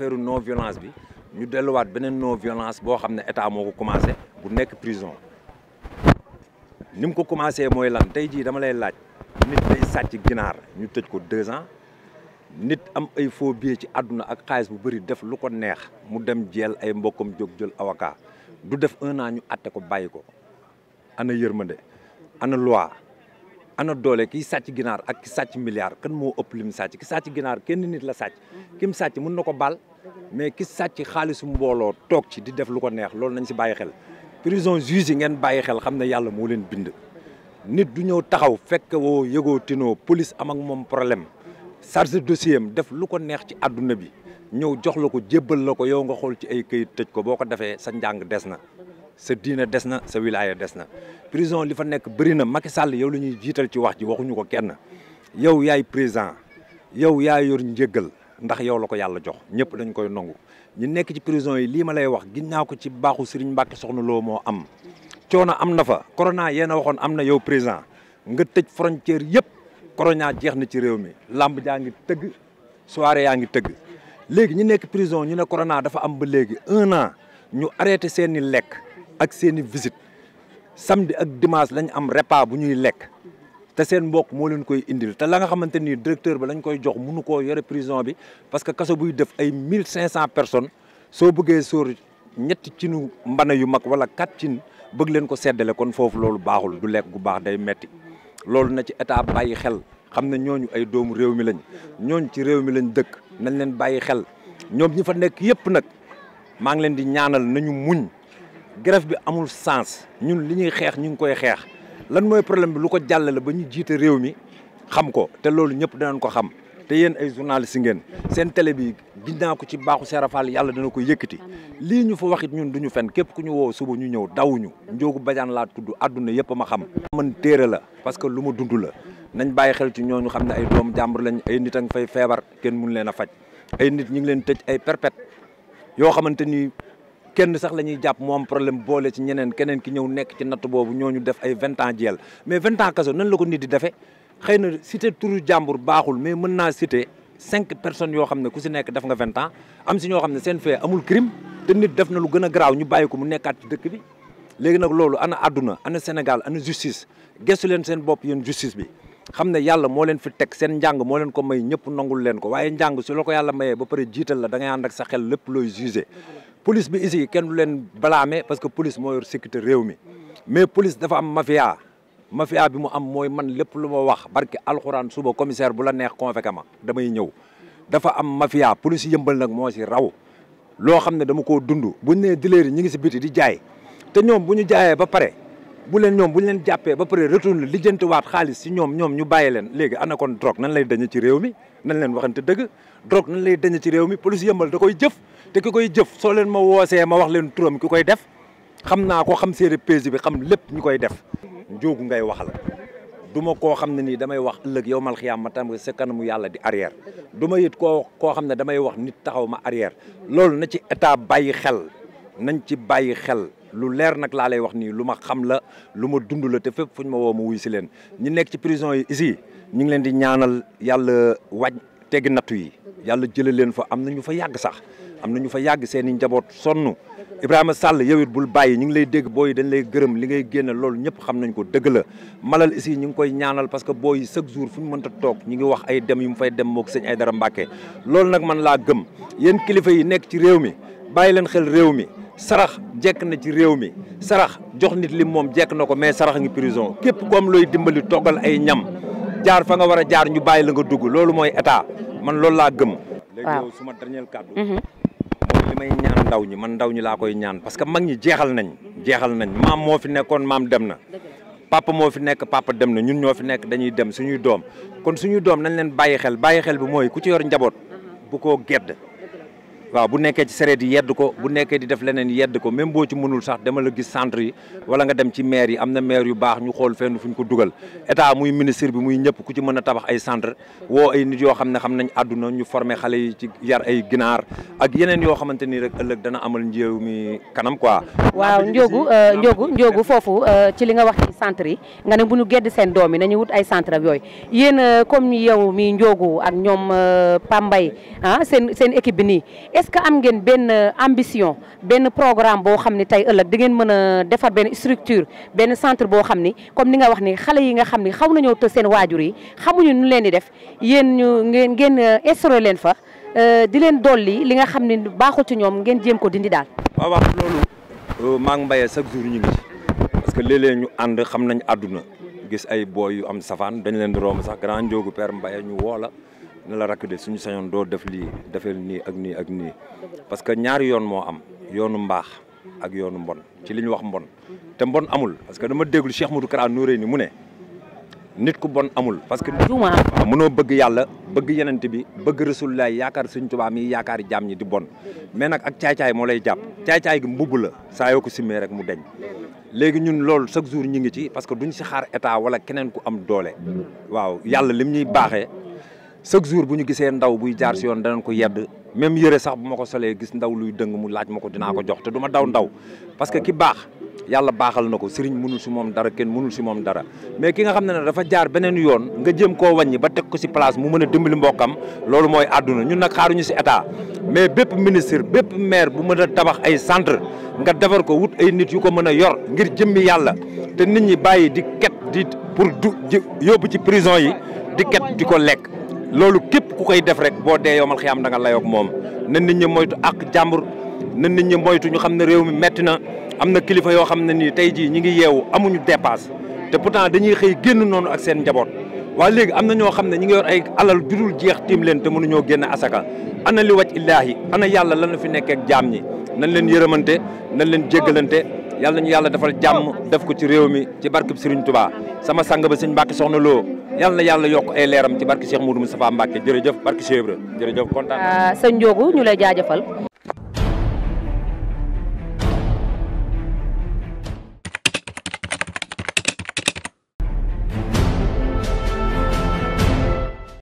affaire non violence bi ñu non violence qui a commencé prison Nous avons commencé à lan tey jii dama lay laaj nit nous sàcc deux ans nous am ay phobie ci àdduna ak xaalis bu bëri def devons neex mu Nous un an ñu Nous ko ana loi ana doole kiy sàcc ginaar ak ki sàcc milliard kan moo ëpp lim sàcc ki sàcc ginaar kenn nit la sàcc mhm. kim sàcc mun na ko baal mais ki sàcc xaalisu mbooloo toog ci di def lu ko neex loolu nañ si bàyyi xel prison juge yi ngeen bàyyi xel xam na yàlla moo leen bind nit du ñëw taxaw fekk wo yëgoo tinoo police am ak moom problème charge dossier am def lu ko neex ci àdduna bi ñëw jox la ko jébbal la ko yow nga xool ci ay këyit tëj ko boo ko defee sa njàng des na sa diina des na sa wilaya des na prison li fa nekk bëri na Macky Sall yow la ñuy jiital ci wax ji waxuñu ko kenn yow yaay président yow yaa yor njëgal ndax yow la ko yàlla jox ñëpp dañ koy nangu ñu nekk ci prison yi lii ma lay wax ginnaaw ko ci baaxu Serigne Mbacke soxna loo moo am coono am na fa corona yéen a waxoon am na yow président nga tëj frontière yëpp corona jeex na ci réew mi làmb jaa ngi tëgg soire yaa ngi tëgg léegi ñu nekk prison ñu ne corona dafa am ba léegi un ñu arrêté seeni lekk ak seen i visite samedi ak dimanche lañ am repa bu ñuy lekk te seen mbokk moo leen koy indil te la nga xamante ni directeur bi lañ koy jox mënu koo yore prison bi parce que kaso buy def ay mille cinq cent personnes soo bëggee sóor ñetti cinu mbana yu mag wala quatre cin bëgg leen ko seddale kon foofu loolu baaxul du lekk gu baax day metti loolu na ci état bàyyi xel xam ne ñooñu ay doomu réew mi lañ ñooñu ci réew mi lañ dëkk nañ leen bàyyi xel ñoom ñi fa nekk yëpp nag maa ngi leen di ñaanal nañu muñ grève bi amul sens ñun li ñuy xeex ñu ngi koy xeex lan mooy problème bi lu ko jàllale ba ñu jiite réew mi xam ko te loolu ñëpp danañ ko xam te yéen ay journaliste ngeen seen télé bi giñ ko ci baaxu Serafal yàlla dana ko yëkkati lii ñu fa waxit ñun duñu fen képp ku ñu woo suba ñu ñëw dawuñu njoogu bajaan laa tudd àdduna yëpp ma xam man téere la parce que lu ma dund la nañ bàyyi xel ci ñooñu xam ne ay doomu jàmbur lañ ay nit a nga fay feebar kenn mun leen a faj ay nit ñu ngi leen tëj ay perpète yoo kenn sax la ñuy jàpp mu am problème boole ci ñeneen keneen ki ñëw nekk ci natt boobu ñooñu def ay vingt ans jeel mais vingt ans kaso nan la ko nit di defee xëy na cité turu jàmbur baaxul mais mën naa cité cinq personnes yoo xam ne ku si nekk def nga vingt ans am si ñoo xam ne seen fee amul crime te nit def na lu gën a garaaw ñu bàyyi ko mu nekkaat ci dëkk bi léegi nag loolu ana àdduna ana Sénégal ana justice gestu leen seen bopp yéen justice bi xam ne yàlla moo leen fi teg seen njàng moo leen ko may ñëpp nangul leen ko waaye njàng su la ko yàlla mayee ba pare jiital la da ngay ànd ak sa xel lépp loo jugé police bi ici kenn du leen blâmer parce que police moo yor sécurité réew mi mais police dafa am mafia mafia bi mu am mooy man lépp lu ma wax barke alxuraan suba commissaire bu la neex convoqué damay ñëw dafa am mafia police yëmbal nag moo si raw loo xam ne dama ko dund buñ nee dileer yi ngi si biti di jaay te ñoom bu ñu jaayee ba pare bu leen ñoom bu leen jàppee ba pare retourne lijjantiwaat xaalis si ñoom ñoom ñu bàyyi leen léegi ana kon drogue nan lay dañe ci réew mi nañ leen waxante dëgg drogue nan lay dañe ci réew mi police yëmbal da koy jëf te ki koy jëf soo leen ma woosee ma wax leen turam ki koy def xam naa ko xam séeré pési bi xam lépp ñu koy def njoogu ngay waxal du ma koo xam ne nii damay wax ëllëg yow mal xiyaam ma tam sa kanamu yàlla di arrière du ma it koo koo xam ne damay wax nit taxaw ma arrière loolu na ci état bàyyi xel nañ ci bàyyi xel lu leer nag laa lay wax nii lu ma xam la lu ma dund la te fépp fu ñu ma woo ma wuy si leen ñi nekk ci prison yi ici ñu ngi leen di ñaanal yàlla wàj teggi nattu yi yàlla jële leen fa am na ñu fa yàgg sax am na ñu fa yàgg seen i njaboot sonn Ibrahima sàll yow it bul bàyyi ñu ngi lay dégg booy dañ lay gërëm li ngay génne loolu ñëpp xam nañ ko dëgg la malal ici ñu ngi koy ñaanal parce que booy chaque jour fu ñu mënta toog ñu ngi wax ay dem yu mu fay dem moog sëñ ay dara Mbàkke loolu nag man laa gëm yéen kilifa yi nekk ci réew mi bàyyi leen xel réew mi sarax jekk na ci réew mi sarax jox nit li moom jekk na ko mais sarax ngi prison képp comme looy dimbali toggal ay ñam jaar fa nga war a jaar ñu bàyyi la nga dugg loolu mooy état man loolu laa gëm. léegi yow suma dernier kàddu. mooy mhm. li may ñaan ndaw ñi man ndaw ñi laa koy ñaan parce que mag ñi jeexal nañ jeexal nañ maam moo fi nekkoon maam dem na. papa moo fi nekk papa dem na ñun ñoo fi nekk dañuy dem suñuy doom kon suñuy doom nañ leen bàyyi xel bàyyi xel bi mooy ku ci yor njaboot mhm. bu koo gedd waaw bu nekkee ci sareet yi yedd ko bu nekkee di def leneen yedd ko même boo ci mënul sax dama la gis centre yi wala nga dem ci maire yi am na maire yu baax ñu xool fenn fu ñu ko dugal état muy ministre bi muy ñëpp ku ci mën a tabax ay centre woo ay nit yoo xam ne xam nañ àdduna ñu former xale yi ci yar ay ginaar ak yeneen yoo xamante ni rek ëllëg dana amal njéew mi kanam quoi waaw njóogu njóogu njóogu foofu euh, ci li nga wax ci centre yi nga ne bu ñu gedd seen doom yi nañu wut ay centre yooyu yéen euh, comme yow mi njóogu ak ñoom euh, Pambay ah, seen seen équipe bi nii est-ce que am ngeen benn euh, ambition benn programme boo xam ne tey ëllëg di ngeen mën a defar benn structure benn centre boo xam ni comme ni nga wax ni xale yi nga xam ni xaw nañoo të seen waajur yi xamuñu nu leen di def yéen ñu ngeen ngeen euh, instauré leen fa euh, di leen dolli li nga xam ne baaxul ci ñoom ngeen jéem ko dindi daal. waaw waaw loolu. maa ngi ñu ngi ci parce que léeg-léeg ñu ànd xam nañ àdduna gis ay booy yu am safaan dañ leen di romb sax grand Ndiogou Père Mbaye ñu woo la ne la rakk de suñu sañoon doo def lii defee nii ak nii ak nii parce que ñaari yoon moo am yoonu mbaax ak yoonu mbon ci li ñu wax mbon te mbon amul parce que dama déglu Cheikh Modou Kara Nouré ni mu ne nit ku bon amul parce que waaw mënoo bëgg yàlla bëgg yenente bi bëgg rasulullah yaakaar suñ tubaab mi yaakaar jaam ñi di bon mais nag ak caay-caay moo lay jàpp caay-caay gi mbubb la saa yoo ko simmee rek mu deñ léegi ñun loolu chaque jour ñi ngi ci parce que duñ si xaar état wala keneen ku am doole waaw yàlla lim ñuy baaxee chaque jour bu ñu gisee ndaw buy jaar si yoon danañ ko yedd même yëre sax bu ma ko solee gis ndaw luy dëng mu laaj ma ko dinaa ko jox te du daw ndaw parce que ki baax yàlla baaxal na ko sëriñ mënul si moom dara kenn mënul si moom dara mais ki nga xam ne ne dafa jaar beneen yoon nga jëm koo wàññi ba teg ko si place mu mën a dimbali mbokkam loolu mooy àdduna ñun nag xaaruñu si état mais bépp ministre bépp maire bu mën a tabax ay centre nga defar ko wut ay nit yu ko mën a yor ngir jëmmi yàlla te nit ñi bàyyi di ket di pour du yóbbu ci prison yi di di ko lekk loolu képp ku koy def rek boo dee yomal xiyaam da nga layoog moom na nit ñi moytu ak jàmbur na nit ñi moytu ñu xam ne réew mi metti na am na kilifa yoo xam ne nii tey jii ñi ngi yeewu amuñu dépasse te pourtant dañuy xëy génn noonu ak seen njaboot waaye léegi am na ñoo xam ne ñi ngi yor ay alal judul jeex tiim leen te mënuñoo génn asaka ana li wàcc illaahi ana yàlla lan la fi nekkeek jaam ñi nañ leen yërëmante nañ leen jéggalante yal nañu yàlla defal jàmm def ko ci réew mi ci barkeb Serigne Touba sama sang ba sëñ Mbacke soxna Lo yalla yàlla yokk ay leeram ci barke Cheikh Moudou Moustapha Mbacke jërëjëf barke Cheikh Ibra jërëjëf kontaan. Ah, sëñ Ndiogou ñu lay jaajëfal.